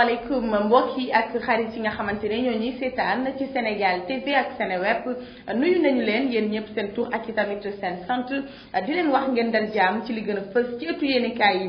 asalaamaaleykum mbokk yi ak xarit yi nga xamante ne ñoo ñuy seetaan ci Sénégal TV ak Sénéweb nuyu nañu leen yéen ñëpp seen tur ak i tamit seen sant di leen wax ngeen dal jaam ci li gën a fës ci ëttu yéenekaay yi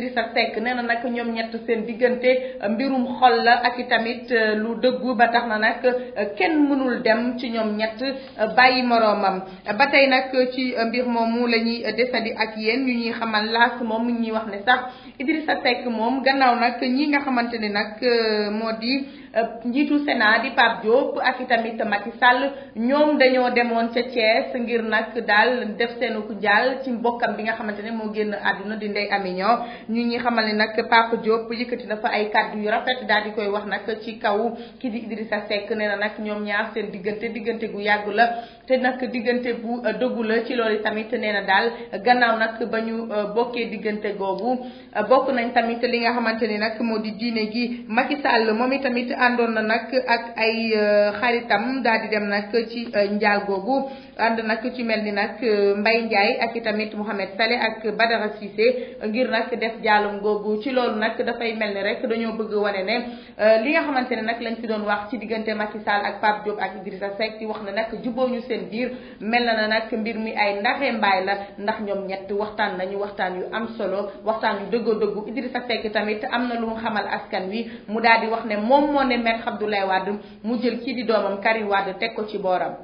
Idrissa Seck nee na nag ñoom ñett seen diggante mbirum xol la ak i tamit euh, lu dëggu ba tax na nag euh, kenn mënul dem ci ñoom ñett euh, bàyyi moroomam ba tey nag ci mbir moom la ñuy desandi ak yéen ñu ñuy xamal laas moom ñuy wax ne sax Idrissa Seck moom gannaaw nag ñi nga xamante ni nag moo di Eh, njitu sénat di pape diop ak itamit macky sall ñom dañoo demoon ci thiès ngir nak dal def ku jàll ci mbokam bi nga xamantene mo genn aduna di ndey amiño ñu ñi xamal nak nag pape diop yëkëti na fa ay kàddu yu rafet dal di koy wax nak ci kaw ki di idrissa seck neena nak ñom ñaar seen digënté digënté gu yagg la té nak digënté bu eh, dëggu la ci loolu tamit neena na gannaaw nak bañu eh, bokké digënté diggante bokku nañ tamit li nga xamantene nak modi diiné gi macky sall momi tamit andon na nak ak ay euh, xaritam dal di dem nak ci euh, ndial gogou and nak ci melni nak euh, mbay ndjay ak tamit mohammed saleh ak badara cissé ngir nak def dialum gogou ci lolou nak fay melni rek dañu bëgg wane ne li nga xamante nak lañ ci doon wax ci digënté Macky Sall ak Pape Diop ak Idrissa Seck di wax na nak juboo ñu seen biir mel na nak mbir mi ay ndaxé mbay la ndax ñom ñett waxtaan nañu waxtaan yu am solo waxtaan yu dëggo dëggu Idrissa Seck tamit amna lu mu xamal askan wi mu daal di wax né mom mo ne Maître Abdoulaye Wade mu jël kii di doomam Karim Wade teg ko ci booram.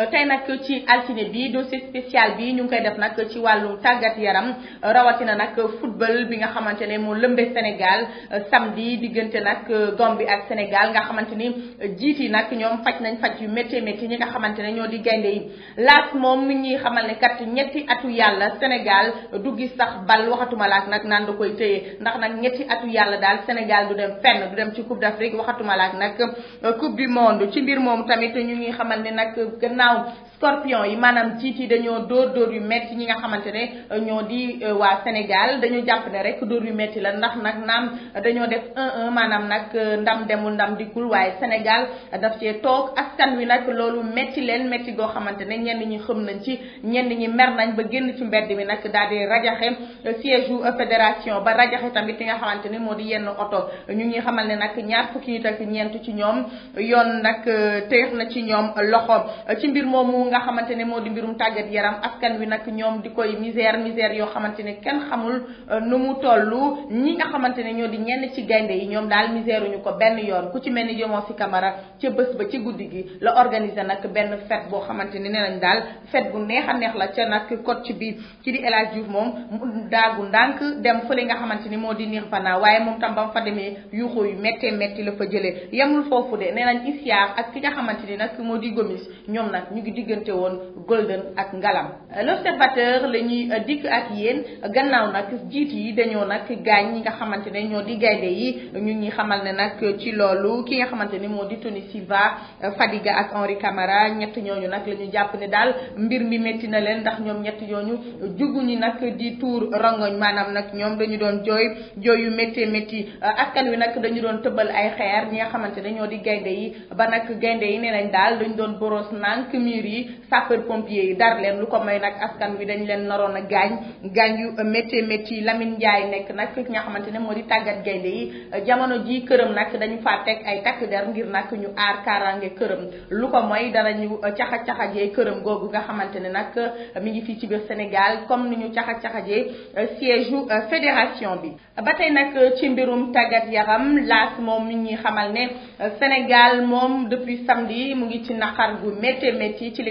Euh, tey nag ci altine bi dossier spécial bi ñu ngi koy def nag ci wàllu tàggat yaram rawatina nag football bi nga xamante ne moo lëmbe Sénégal euh, samedi diggante nag euh, Gambie ak Sénégal nga xamante ni jiit yi nag ñoom faj nañ faj yu métti métti ñi nga xamante ne ñoo di gaynde yi laas moom mi ñuy xamal ne kat ñetti atu yàlla Sénégal du gis sax bal waxatuma laak nag naan da koy téye ndax nag ñetti atu yàlla daal Sénégal du dem fenn du dem ci Coupe d'Afrique waxatuma laak nag now scorpion yi maanaam jiit yi dañoo dóor dóor yu metti ñi nga xamante ne euh, ñoo di euh, waa Sénégal dañoo jàpp ne rek dóor yu metti la ndax nag naam dañoo def maanaam nag euh, ndam demul ndam dikkul waaye Sénégal daf cee toog ak askan wi nag loolu metti leen metti goo xamante ne ñenn ñi xam nañ ci ñenn ñi mer nañ ba génn ci mbedd mi nag daal di rajaxe siège u fédération ba rajaxe tamit li nga xamante ni moo di yenn oto ñu ngi xamal ne nag ñaar fukki nit ak ñeent ci ñoom yoon nag teex na ci ñoom loxo ci mbir moomu nga xamante ne moo di mbirum tàggat yaram askan wi nag ñoom di koy misère misère yoo xamante ne kenn xamul euh, nu mu toll ñi nga xamante ne ñoo di ñenn ci gaynde yi ñoom daal misère uñu ko benn yoon ku ci mel ni Yomosi Camara ca bés ba ci guddi gi la organiser nag benn fête boo xamante ne nee nañ daal fête bu neex a neex la ca nag coach bi ci di El Hadj Diouf moom daagu ndànk dem fële nga xamante ni moo di Nirvana waaye moom tam ba mu fa demee yuuxu yu méttee metti la fa jëlee yemul foofu de nenañ nañ Isiar ak ki nga xamante ni nag moo di Gomis ñoom nag ñu ngi digg diggante woon golden ak ngalam l'observateur la ñuy euh, dikk ak yéen gannaaw nag jiit yi dañoo nag gaañ ñi nga xamante ne ñoo di gaydé yi ñu ñi xamal ne nag ci loolu ki nga xamante ne moo di Tony Silva euh, Fadiga ak Henri Camara ñett ñooñu nag la ñu jàpp ne daal mbir mi metti na leen ndax ñoom ñett ñooñu juguñu nag di tour rongoñ maanaam nag ñoom dañu doon jooy jooy yu métti métti euh, askan wi nag dañu doon tëbbal ay xeer ñi nga xamante ne ñoo di gaydé yi ba nag gaydé yi nee nañ daal dañu doon boros nànk mur yi sapeur pompier yi dar leen lu ko moy nag askan wi dañ leen naroon a gaañ gaañ yu euh, métti métti lamin Ndiaye nekk nag fi nga xamante ne moo di tàggat gaynde euh, jamono ji këram nag dañu fa teg ay takk ngir nag ñu aar kaaraange këram lu ko mooy danañu euh, caxa caxajee këram googu nga xamante ne nag mi ngi fii ci biir Sénégal comme ni ñu caxa caxajee siège u fédération bi ba tey ci mbirum tàggat yaram laas moom mi ñuy xamal ne Sénégal moom depuis samedi mu ngi ci naqar gu métti métti ci li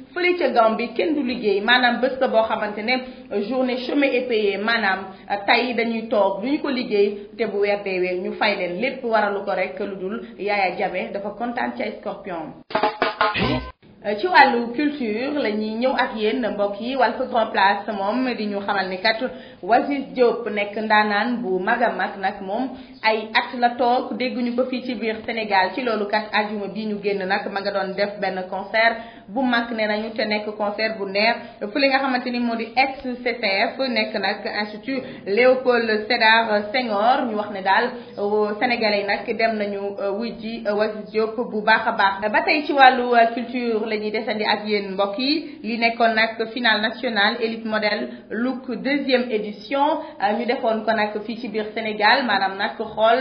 fële ca Gambie kenn du liggéey maanaam bés boo xamante ne journée chômée et payée maanaam tey dañuy toog lu ñu ko liggéey te bu weer deewee ñu fay leen lépp waralu ko rek lu dul Yaya jabe dafa kontaan ci ay ci wàllu culture lañuy ñëw ak yenn mbokk yi Walf Grand Place moom di ñu xamal ni kat Wasis Diop nekk ndaanaan bu mag a mag nag moom ay at la toog dégguñu ko fii ci biir Sénégal ci loolu kat ajuma bi ñu génn nag ma nga doon def benn concert bu mag ne nañu te nekk concert bu neex li nga xamante ni moo di ex nekk nag institut Léopold Sédar Senghor ñu wax ne daal euh, sénégalais nag dem nañu euh, wuy ji euh, Wasis Diop bu baax a baax. ba tey ci wàllu culture la ñuy desandi ak yéen mbokk yi li nekkoon nag final national élite modèle look deuxième édition ñu defoon ko nag fii ci biir Sénégal maanaam nag xool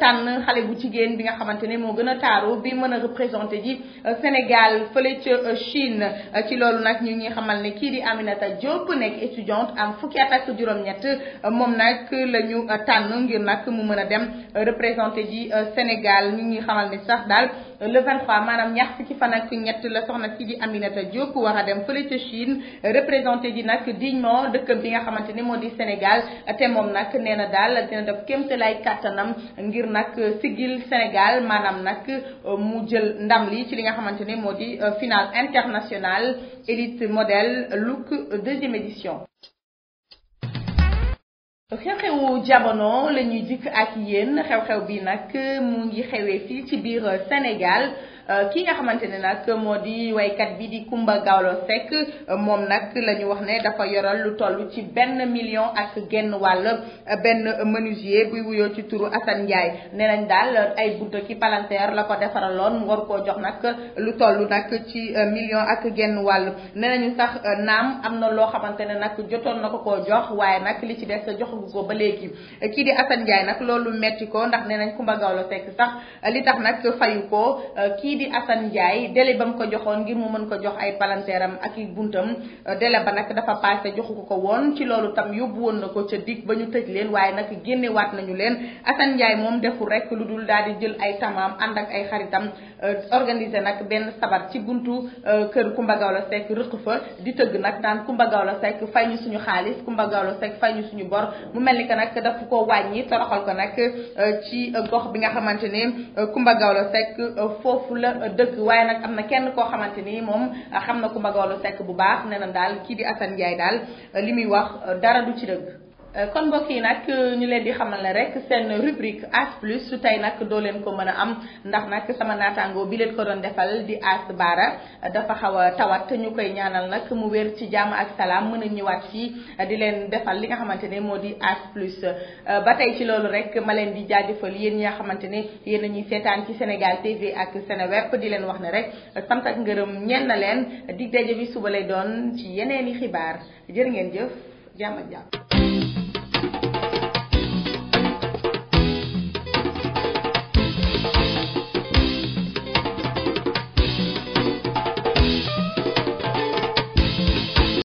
tànn xale bu jigéen bi nga xamante ne moo gën a taaru bi mën a représenté ji Sénégal fële ca. Chine ci loolu nag ñu ngi xamal ne kii di Aminata Diop nekk étudiante am fukki at ak juróom-ñett moom nag la ñu tànn ngir nag mu mën a dem représenté ji euh, Sénégal ñu ngi xamal ne sax daal. le 23 manam ñax ci fan ak ñett la soxna Diop Chine représenté di dignement bi nga Modi Sénégal té mom nak néna dal dina def katanam ngir sigil Sénégal manam nak euh, mu jël ndam li ci li euh, finale internationale élite modèle look deuxième édition xew-xewu jamono la ñuy dikk ak yéen xew-xew bi nag mu ngi xewee fii ci biir Sénégal Euh, ki nga xamante ne nag moo di waykat bi di Kumba Gawlo Seck euh, moom nag la ñu wax ne dafa yoral lu toll ci benn million ak genn wàll euh, benn menuisier buy wuyoo ci turu Assane Ndiaye nee nañ daal ay bunta ki palanteer la ko defaraloon mu war koo jox nag lu toll nag ci million ak genn wàll nee nañu sax naam am na loo xamante ne nag jotoon na ko koo jox waaye nag li ci des joxagu ko ba léegi kii di Assane Ndiaye nag loolu metti ko ndax nee nañ Kumba Gawlo Seck sax kii di asan Ndiaye dele ba ko joxoon ngir mu mën ko jox ay palanteeram ak i buntam euh, dele ba nag dafa passé joxu ko ko woon ci loolu tam yóbbu woon na ko ca dig ba ñu tëj leen waaye nag génnewaat nañu leen asan Ndiaye moom defu rek lu dul daal di jël ay tamaam ànd ak ay xaritam euh, organiser nag benn sabar ci buntu euh, kër Kumba Gawla Seck rëq fa di tëgg nag naan Kumba Gawla Seck fay ñu suñu xaalis Kumba Gawla Seck fay ñu suñu bor mu mel ni que nag daf ko wàññi toroxal ko nag ci gox bi nga xamante ne Kumba Gawla foofu la dëgg waaye nag am na kenn koo xamante ni moom xam na ku magawalu sekk bu baax nee na daal kii di Assane Ndiaye daal li muy wax dara du ci dëgg Euh, kon mbokk yi nak euh, ñu leen di xamal rek seen rubrique as plus su tey leen ko mëna am ndax nak sama natango bi leen ko doon defal di as bara dafa xawa tawat ñu koy ñaanal nak mu wër ci jamm ak salam mëna ñëwaat fii euh, di leen defal li nga xamantene modi as plus ba tay ci lolu rek ma leen di jaajëfal yeen ñi nga xamantene yeen ñuy ci Sénégal TV ak Sénéweb di leen wax ne rek sant ak ngeureum ñen na leen dig dajje bi suba lay doon ci yeneeni xibaar jeer ngeen jëf jamm ak jamm